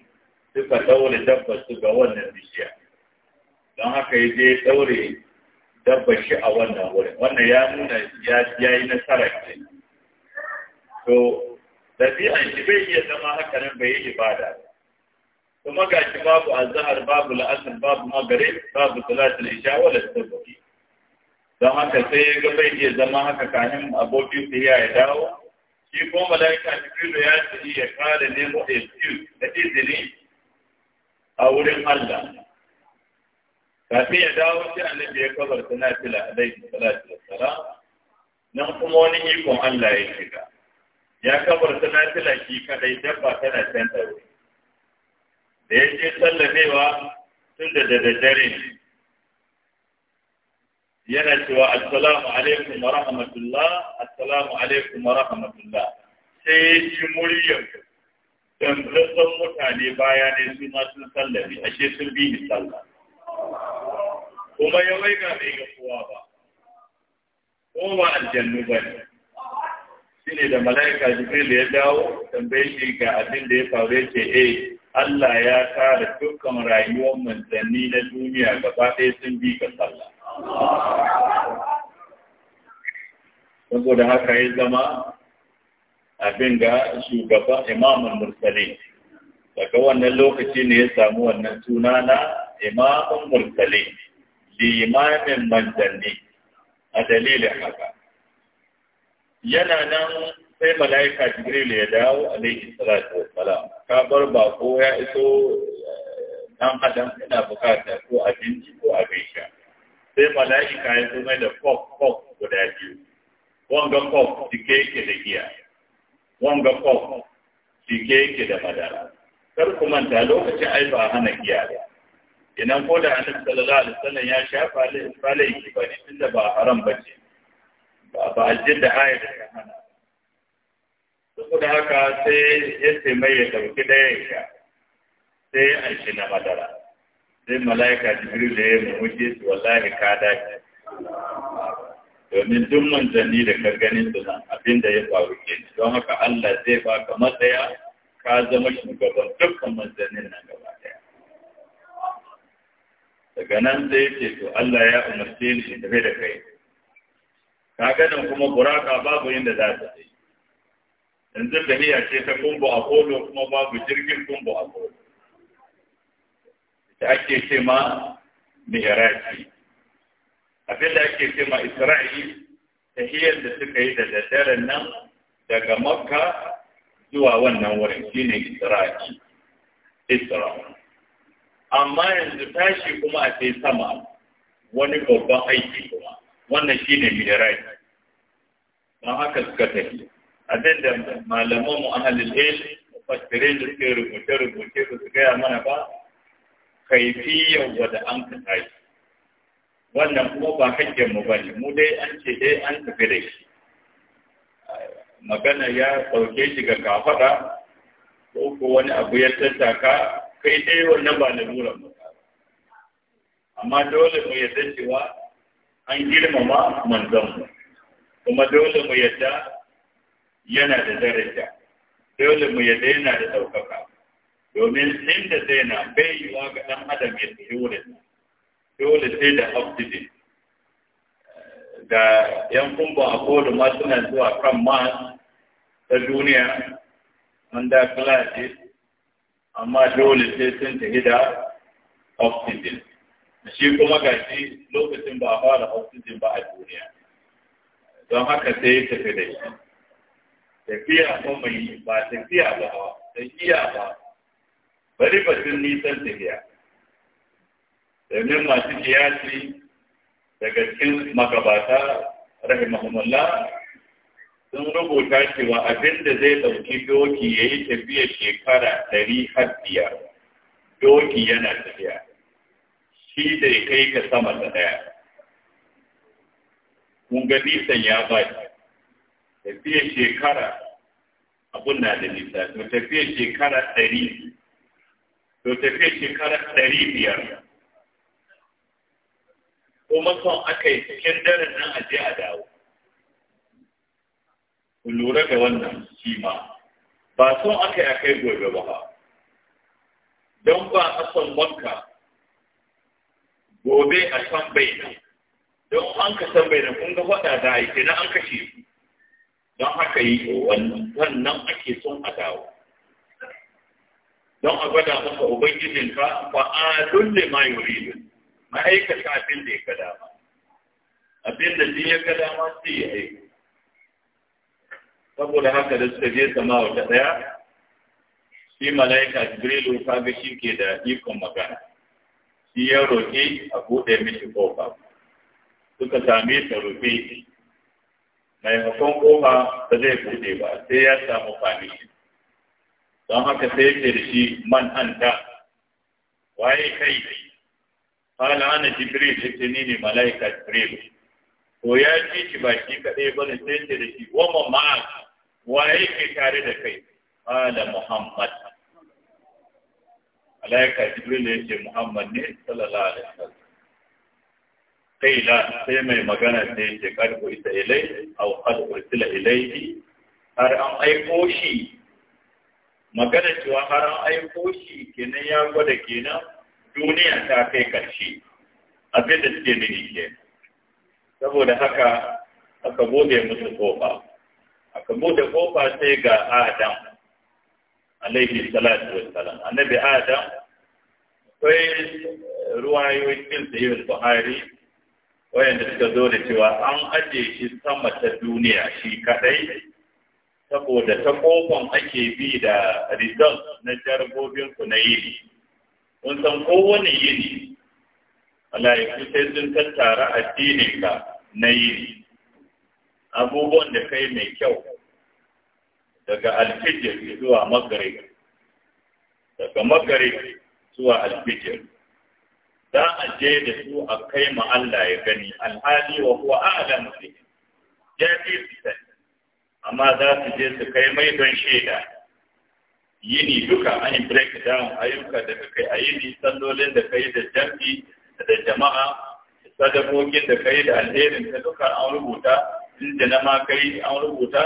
suka ɗaure dabbar su ga wannan bishiya don haka ya je ɗaure dabbar shi a wannan wurin wannan ya nuna ya yi nasara ke to ɗabi'an shi bai iya zama haka nan bai yi ibada ba kuma gashi babu azhar babu la'asar, babu magare, babu salatul isha wala tabbaki don haka sai ya ga bai iya zama haka kanin abokin siya ya dawo shi ko malaika jibrilu ya ce ya kare nemo excuse da izini a wurin Allah kafin ya dawo sai annabi ya kabar sanatila alaihi salatu wassalam nan kuma wani ikon Allah ya shiga ya kabar sanatila shi kadai dabba tana canza wuri da ya ce sallamewa tun da daddare yana cewa assalamu alaikum wa rahmatullah assalamu alaikum wa rahmatullah sai ya ji muryar dangantan mutane baya ne su ma sun sallame ashe sun bi ni sallah kuma ya wai ga mai gafuwa ba ko ba aljannu ba ne ne da mala'ika jibril ya dawo tambaye shi ga abin da ya faru ya ce eh Allah ya kare dukkan rayuwar manzanni na duniya gaba ɗaya sun bi ga sallah. Saboda haka ya zama abin ga shugaban imamun mursali. Daga wannan lokaci ne ya samu wannan suna na imamun mursali, limamin manzanni a dalilin haka. Yana nan sai mala'ika jibril ya dawo alaihi salatu wassalam ka bar bako ya iso eh, dan adam yana bukata ko abinci ko abin sha sai mala'ika ya zo mai da kok kok guda biyu wanga kok cike yake da giya wanga fok cike yake da madara kar ku manta lokacin ai ba hana giya ba idan ko da annabi sallallahu alaihi wasallam ya shafa alai alai ki bane tunda ba haram bace ba ba ajin da ayat hana saboda haka sai ya ce mai ya ɗauki ɗayan sha sai an shi na madara sai mala'ika jibril da ya mamuke su wallahi ka dace domin duk manzanni da ka ganin su nan abin da ya faru ke don haka Allah zai baka matsaya ka zama shugaban dukkan manzannin nan gaba daya daga nan sai ya to Allah ya umarce ni in tafi da kai ka ganin kuma buraka babu inda za ta yi yanzu tafiya ce ta kumbu a kolo kuma babu jirgin kumbu a kolo da ake ce ma mi'raji abin da ake ce ma isra'i tahiyar da suka yi da daddaren nan daga makka zuwa wannan wurin shine isra'i isra amma yanzu tashi kuma a sai sama wani babban aiki kuma wannan shine mi'raji don haka suka tafi abin da malaman mu ahalil il mufassirin da suke rubuce-rubuce ba su gaya mana ba kaifiyar wadda an ka tashi wannan kuma ba hakkin mu bane mu dai an ce dai an tafi da shi magana ya ɗauke shi ga kafaɗa ko ko wani abu ya tattaka kai dai wannan ba na lalura mu amma dole mu yadda cewa an girmama manzon mu kuma dole mu yadda. yana da daraja dole mu yadda yana da ɗaukaka domin inda zai na bai yiwa ga ɗan adam ya tafi wurin dole sai da oxygen da yan kumba a kodu masu suna zuwa kan mars ta duniya under classes amma dole sai sun ta da oxygen shi kuma shi lokacin ba a fara oxygen ba a duniya don haka sai ya tafi da shi tafiya mai ba tafiya ba tafiya ba bari batun nisan tafiya domin masu kiyasi daga cikin magabata rahimahumullah sun rubuta cewa abin da zai ɗauki doki ya yi tafiya shekara ɗari har biyar doki yana tafiya shi da ya kai ka sama da ɗaya kun ga nisan ya tafiya shekara abun na da nisa to tafiya shekara ɗari to tafiya shekara ɗari biyar kuma son aka yi cikin daren nan a je a dawo ku lura da wannan shi ma ba son aka yi a kai gobe ba don ba a son wanka gobe a san bai don an ka san bai kun ga faɗa da aiki na an kashe su don haka yi wannan ake son a dawo don a gwada maka ka ba a dole ma ma ma'aikata abin da ya ga dama abin da ya ga dama sai ya aiko saboda haka da suka je sama wata ɗaya shi mala'ika jibrilu kaga shi ke da ikon magana shi ya roƙe a buɗe mishi ƙofa suka same ta rufe maimakon kofa ba zai buɗe ba sai ya samu fami don haka sai yake da shi man anta waye kai fala ana jibril ya ce ni ne malaika jibril to ya ci shi ba shi kaɗai ba ne sai yake da shi wama ma'a waye ke tare da kai fala muhammad malaika jibril ce muhammad ne sallallahu alaihi wasallam kaila sai mai magana sai ke karku ita ilai au qad ursila ilayhi har an aiko shi magana cewa har an aiko shi kenan ya gwada kenan duniya ta kai karshe abin da suke nuni ke saboda haka aka bude musu kofa aka bude kofa sai ga adam alaihi salatu wassalam annabi adam akwai ruwayoyin da yi buhari wayanda suka zo da cewa an ajiye shi sama ta duniya shi kadai saboda ta kofan ake bi da result na jarabobin ku na yini kun san kowane yini mala'iku sai sun tattara addinin ka na yini abubuwan da kai mai kyau daga alfijir zuwa magrib daga zuwa alfijir za a je da su a kai ma Allah ya gani alhali wa huwa a'lam bi ya fi su amma za su je su kai mai don shaida yini duka an break down ayyuka da kai a yini sallolin da kai da jam'i da jama'a sadakokin da kai da alherin da duka an rubuta inda na ma kai an rubuta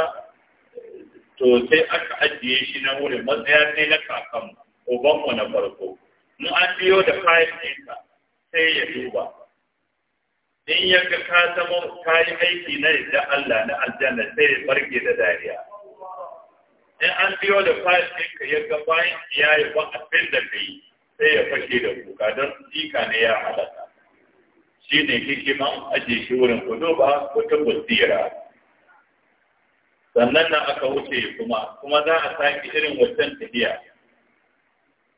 to sai aka ajiye shi na wurin matsaya sai na kakan mu na farko mu an biyo da kayan ɗinka sai ya duba in ya ga ka zama ka yi aiki na yadda Allah na aljanna sai ya barke da dariya in an biyo da fashi ka ya ga bayan ya yi ba abin da kai sai ya fashe da kuka don jika ne ya halaka shi ne hikiman aje shi wurin kudu ba wata basira sannan nan aka wuce kuma kuma za a sake irin wancan tafiya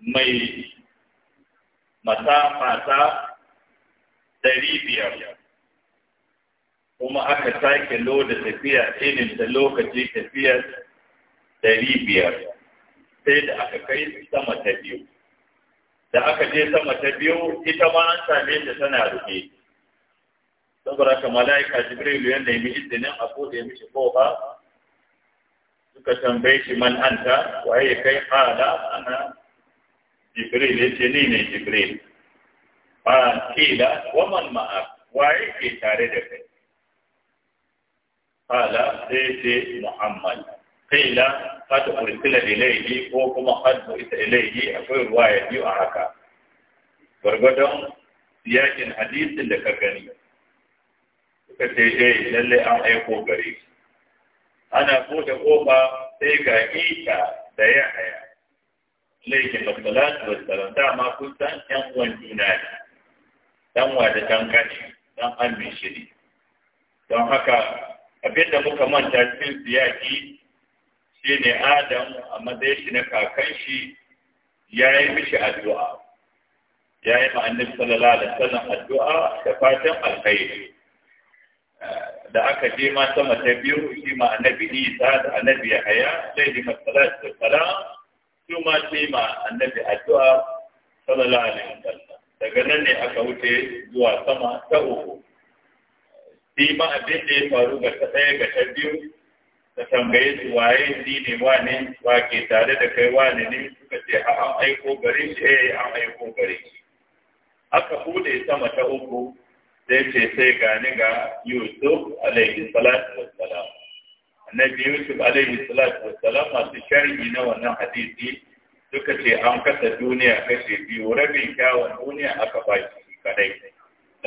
mai mata ta ɗari biyar kuma aka sake loda tafiya irin da lokaci tafiyar ɗari biyar sai da aka kai sama ta biyu da aka je sama ta biyu ita ma an same ta tana rufe saboda ka mala'ika jibrilu ya nemi izinin a ya mishi kofa suka tambaye shi man anta waye kai hala ana jibril ya ce ni ne jibril a kila waman ma'a waye ke tare da kai kala sai ce muhammad kila qad ursila ilayhi ko kuma qad bu'itha ilayhi akwai ruwa ya biyu a haka gwargwadon siyakin hadisin da ka gani suka ce eh lalle an aiko gare shi ana buɗe ƙofa sai ga isa da ya haya laifin masalatu wassalam kun san ‘yan uwan juna ne, ɗan wa da ɗan kaci, ɗan an mai shiri. Don haka abin da muka manta cikin siyaki shi ne Adam a matsayin shi na kakan shi ya yi mishi addu'a. Ya yi ma'anin addu'a da fatan alkhairi. da aka je ma sama ta biyu shi ma annabi Isa da annabi Yahaya sai da masalatu salam su ma ce ma annabi addu'a sallallahu alaihi sallam daga nan ne aka wuce zuwa sama ta uku shi ma abin da ya faru ga ta ɗaya ga ta biyu ta tambaye su waye ni ne wane wa ke tare da kai wane ne suka ce a an aiko gare shi eh an aiko gare shi aka bude sama ta uku sai ce sai gani ga Yusuf alaihi salatu wassalam annabi yusuf alaihi salatu Salam masu sharhi na wannan hadisi suka ce an kasa duniya kashe biyu rabin kyawun duniya aka ba shi kadai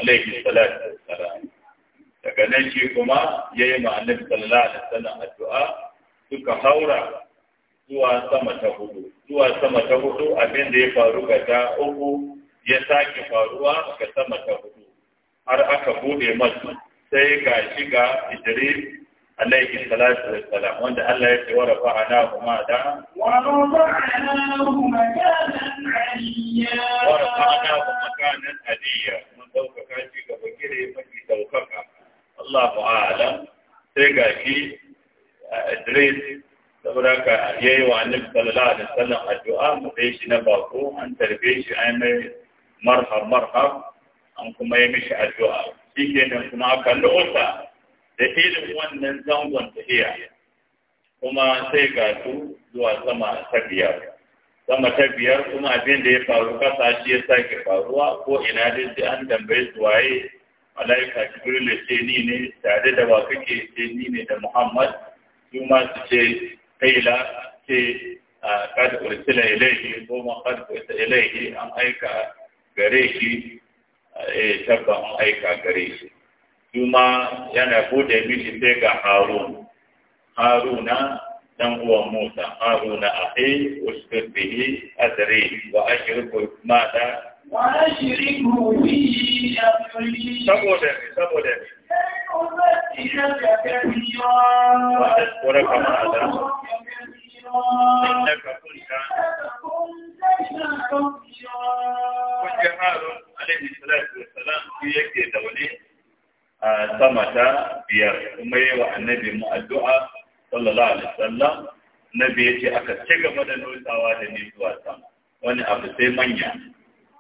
alaihi salatu salam daga nan shi kuma ya yi ma annabi sallallahu alaihi wasallam addu'a suka haura zuwa sama ta hudu zuwa sama ta hudu abin da ya faru ga ta uku ya sake faruwa ga sama ta hudu har aka bude masu sai ga shiga idris عليه الصلاة والسلام وأن الله يأتي ورفعناه ماذا؟ ورفعناه مكانا عليا ورفعناه مكانا عليا من دوك كان فيك فكي توقفك الله أعلم سيقى في إدريس سبراك يأي وعن نبي صلى الله عليه وسلم الدعاء مقيش نبقو أن تربيش أمي مرحب مرحب أنكم يمشي الدعاء سيكين أنكم أكل أسا da irin wannan zangon tafiya kuma sai ga su zuwa sama ta biyar sama ta biyar kuma abin da ya faru kasa shi ya sake faruwa ko ina dai sai an tambaye su waye malaika jibril ce ni ne tare da wa kake ce ni ne da muhammad su ma su ce kaila ce kad ursila ilaihi ko ma kad ursila ilaihi an aika gare shi eh tabba an aika gare shi kuma yana bude mishi sai ga harun haruna dan uwan musa haruna ahi uskur bihi azri wa ashriku mata wa ashriku bihi amri saboda saboda وأذكرك ماذا؟ إنك كنت كنت هارون عليه الصلاة والسلام في يكي دولي sama ta biyar kuma yi wa annabi mu addu'a sallallahu alaihi wasallam nabi ya ce aka ci gaba da nutsawa da ni zuwa sama wani abu sai manya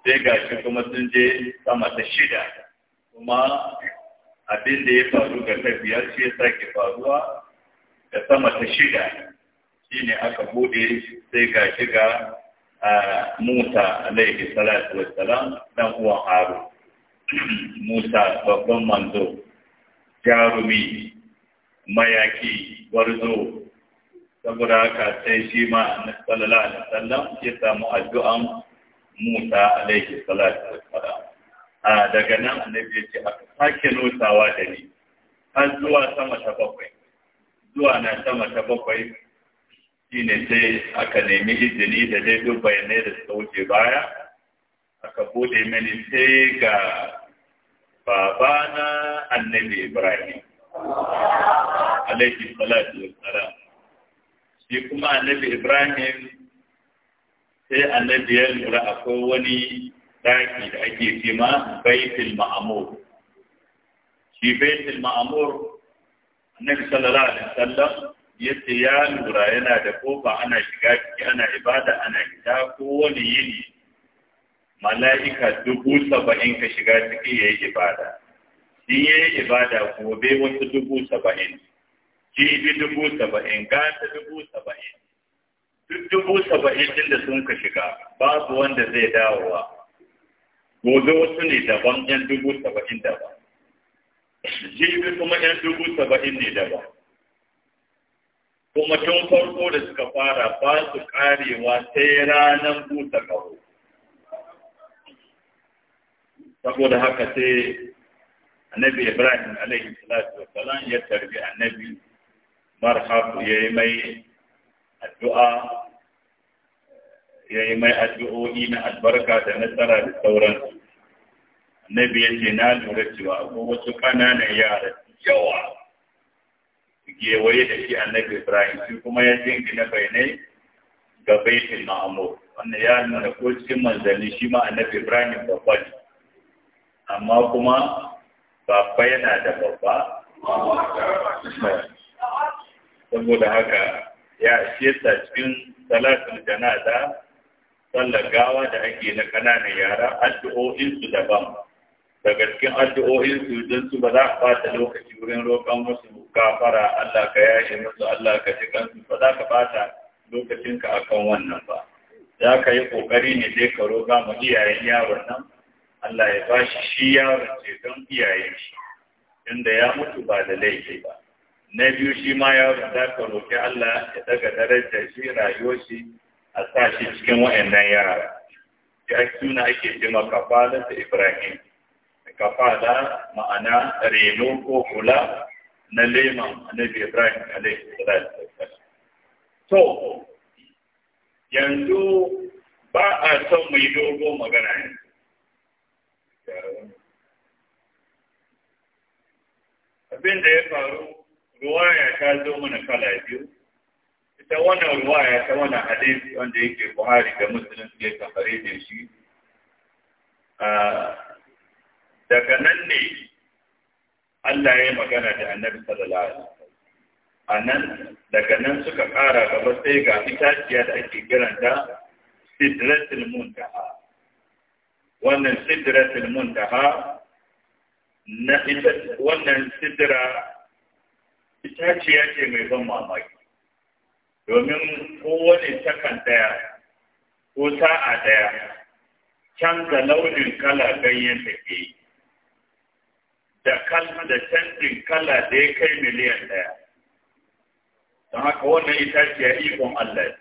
sai gashi kuma sun je sama ta shida kuma abin da ya faru ga ta biyar shi ya sake faruwa da sama ta shida shine aka bude sai gashi ga mota alaihi salatu wassalam dan uwan aro. Musa babban manzo, jarumi, mayaki, gwarzo, saboda haka sai shi ma na tsalala da tsallon ya samu addu'an Musa laifin salatu wassalam. A daga nan annabi ya ce aka sake nosawa da ni har zuwa sama ta bakwai. Zuwa na sama ta bakwai shine sai aka nemi izini da dai duk bayanai da suka wuce baya aka bude mini sai ga babana annabi Ibrahim. Alaihi salatu wassalam. Shi kuma annabi Ibrahim sai annabi ya lura akwai wani daki da ake ce ma baitul ma'amur. Shi baitul ma'amur annabi sallallahu alaihi wasallam yace ya lura yana da kofa ana shiga ciki ana ibada ana gida ko wani yini mala'ika dubu saba'in ka shiga ciki ya yi ibada in ya yi ibada gobe wasu dubu saba'in jibi dubu saba'in gata dubu saba'in duk dubu saba'in din da sun ka shiga babu wanda zai dawowa gobe wasu ne daban yan dubu saba'in daban jibi kuma yan dubu saba'in ne daban kuma tun farko da suka fara ba su karewa sai ranar busa kawo. saboda haka sai annabi ibrahim alaihi salatu wa salam ya tarbi annabi marhabu ya yi mai addu'a ya yi mai addu'o'i na albarka da nasara da sauran annabi ya ce na lura cewa ko wasu ƙananan yara yawa gewaye da shi annabi ibrahim shi kuma ya jingina bainai ga baitul ma'amur wannan ya nuna ko cikin manzanni shi ma annabi ibrahim babba ne amma kuma babba yana da babba saboda haka ya shi yasa cikin salatul janaza sallar gawa da ake na ƙananan yara addu'o'insu daban daga cikin addu'o'insu don su ba za a bata lokaci wurin roƙon musu kafara, Allah ka yashe musu Allah ka ci kansu ba za ka bata lokacinka akan wannan ba za ka yi ƙoƙari ne sai ka roƙa mu iyayen yaron nan Allah ya ba shi shi yaron ceton iyayen shi inda ya mutu ba da laifi ba na biyu shi ma yaron za ka roƙi Allah ya daga darajar shi rayuwar shi a sa shi cikin waɗannan yara ya suna ake ce ma kafala da Ibrahim kafala ma'ana reno ko kula na leman annabi Ibrahim alaihi salatu to yanzu ba a son mu yi dogo magana yanzu abin da ya faru ruwaya ta zo mana kala biyu ita wannan ruwa ya ta wannan hadisi wanda yake buhari da musulun ya da shi daga nan ne Allah ya yi magana da annabi sallallahu a nan daga nan suka kara gaba sai ga itaciya da ake kiranta sidratul muntaha wannan sidratul muntaha na ita wannan sidra itaciya ce mai ban mamaki domin kowane takan daya ko sa'a daya canza launin kala ganyen ke, da kalma da canjin kala da ya kai miliyan daya don haka wannan itaciya ikon Allah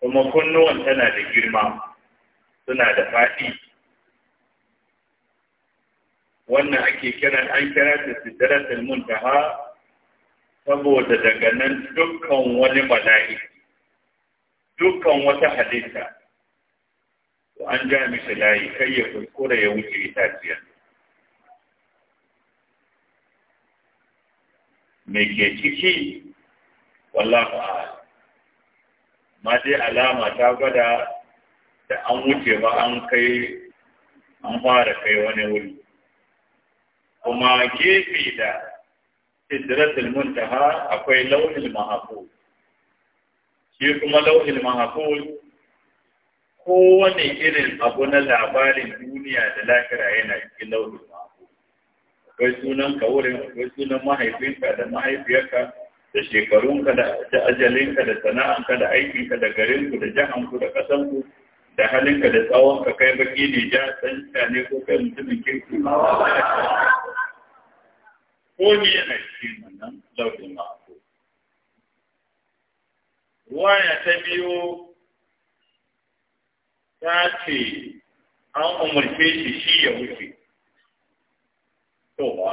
kuma kunnuwan tana da girma suna da faɗi wannan ake kira an kira ta sidratul muntaha saboda daga nan dukkan wani mala'iki dukkan wata halitta to an ja mishi layi kai ya kuskura ya wuce itaciyar me ke ciki wallahu a'lam ma dai alama ta gwada da an wuce ba an kai an fara kai wani wuri kuma gefe da sidratul muntaha akwai launin mahafuz shi kuma launin Ko kowane irin abu na labarin duniya da lafira yana cikin launin mahafuz akwai sunan ka wurin akwai sunan mahaifinka da mahaifiyarka da shekarunka da ajalinka da sana'anka da aikinka da garinku da jahanku da ku? da halinka da tsawonka kai baki ne ja tsanta ne ko kai mutumin kirki ko ne yana cikin wannan lauɗin ma'afu ruwaya ta biyo ta ce an umarce shi shi ya wuce to ba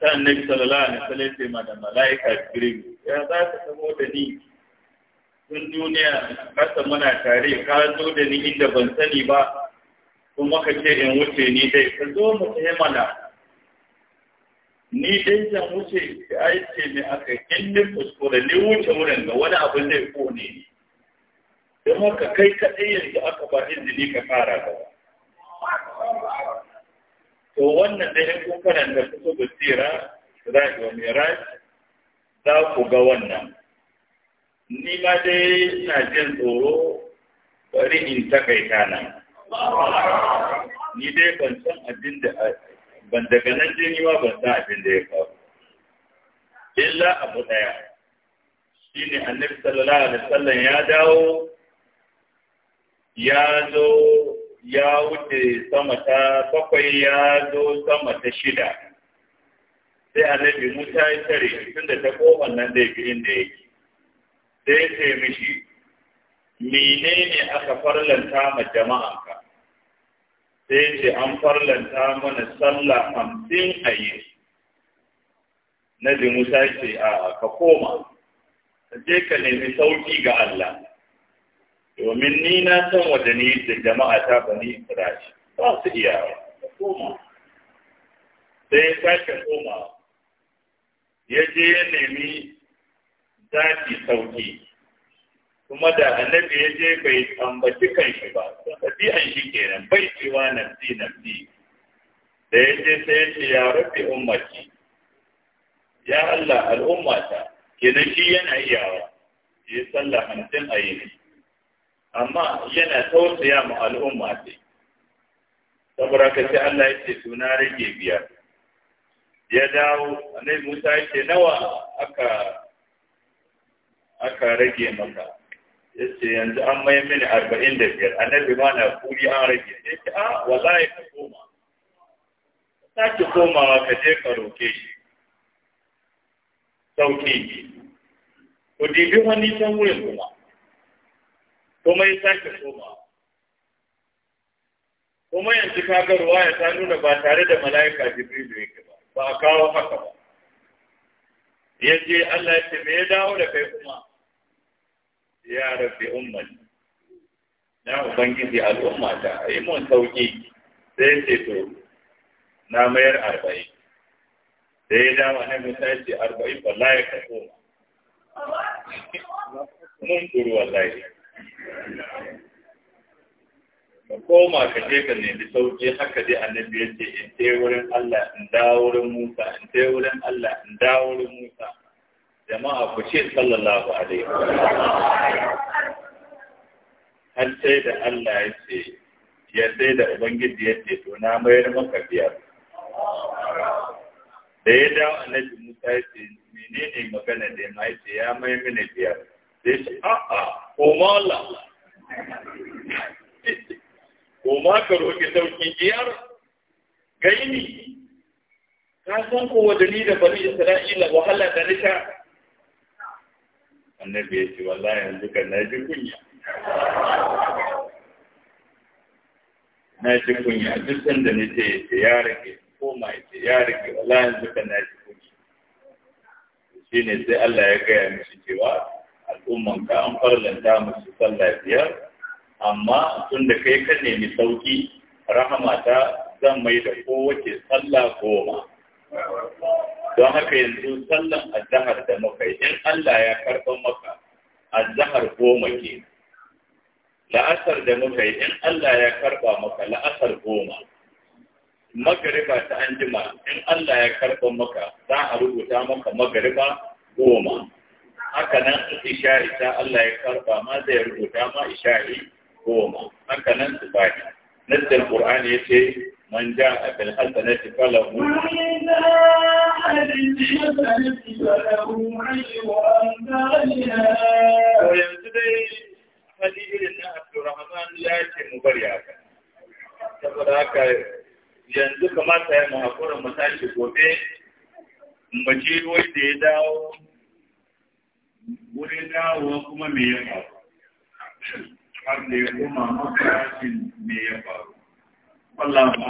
ta annabi sallallahu alaihi wasallam ma da malaika jibril ya za ta tabo da ni tun duniya kasa muna tare ka zo da ni inda ban sani ba kuma ka ce in wuce ni dai ka zo mu tafi mana ni dai zan wuce ki ai ce mai aka in kuskure ni wuce wurin ga wani abin zai kone ni don haka kai kaɗai yanzu aka ba izini ka fara ba to wannan da in kun karanta kusa basira za ku ga wannan ni ma dai na jin tsoro bari in takaita nan ni dai ban san abin da ban daga nan je ni ma ban san abin da ya faru illa abu daya ne annabi sallallahu alaihi wasallam ya dawo ya zo ya wuce sama ta bakwai ya zo sama ta shida sai annabi musa ya tare tun da ta kofar nan da yake inda yake sai ce mishi ne aka farlanta ma jama'anka sai ce an farlanta mana sallah hamsin a yi na musa ce a ka koma ka je ka nemi sauki ga Allah domin ni na san wadda ni da jama'a ta bani Isra'il ba su iya ka koma sai ya sake koma ya je ya nemi zafi sauki kuma da annabi ya je bai tambaci kanshi ba sun ɗabi'an shi kenan bai cewa nafsi nafsi da ya je sai ya ce ya rufe ummaki ya Allah al'ummata kenan shi yana iyawa ya sallah hamsin a yini amma yana tausaya ma al'umma ce saboda ka ce Allah ya ce suna rage biyar ya dawo annabi Musa ya ce nawa aka aka rage maka yace yanzu an mai mini arba'in da biyar annabi ma na kuri an rage yace a wallahi ka koma ci komawa ka je ka roke shi sauki ku dibi wani can wurin kuma kuma ya sake komawa kuma yanzu ka ruwa ruwaya ta nuna ba tare da mala'ika jibrilu yake ba ba a kawo haka ba yace Allah ya ce me ya dawo da kai kuma ya rabbi ummati na ubangiji al'umma ta yi mun sauki sai ce to na mayar arba'in sai ya dama na mutane ce arba'in wallahi ka koma mun turu wallahi ka koma ka je ka nemi sauki haka dai annabi ya ce in je wurin Allah in da wurin Musa in je wurin Allah in da wurin Musa jama'a ku ce sallallahu alaihi har sai da Allah ya ce ya sai da ubangiji ya ce to na mayar maka biyar da ya dawo annabi Musa ya ce menene magana da ya mai ce ya mai mini biyar sai ce a'a ko mala ko ma ka roƙi sauƙin biyar gaini ka san ko wadani da bani Isra'ila wahala da nika annabi ya ce wallahi yanzu kan na ji kunya na ji kunya duk sanda ni ce ya rage koma ya ce ya rage wallahi yanzu kan na ji kunya shi ne sai Allah ya gaya mishi cewa al'ummanka an farlanta musu sallah biyar amma tun da kai ka nemi sauki rahama ta zan mai da kowace sallah goma don haka yanzu sallan azahar da muka in Allah ya karɓar maka azahar goma ke la'asar da muka yi in Allah ya karɓa maka la'asar goma magariba ta anjima in Allah ya karɓa maka za a rubuta maka magariba goma haka nan isha'i ta Allah ya karɓa ma zai rubuta ma isha'i goma haka nan su bani nassar Qur'ani ya ce من جاء بالحسنة فله من جاء بالحسنة فله عشر أمثالها عبد الرحمن لا yanzu kamata ya mahaƙura gobe mu je da ya dawo wuri dawowa kuma me ya faru har da ya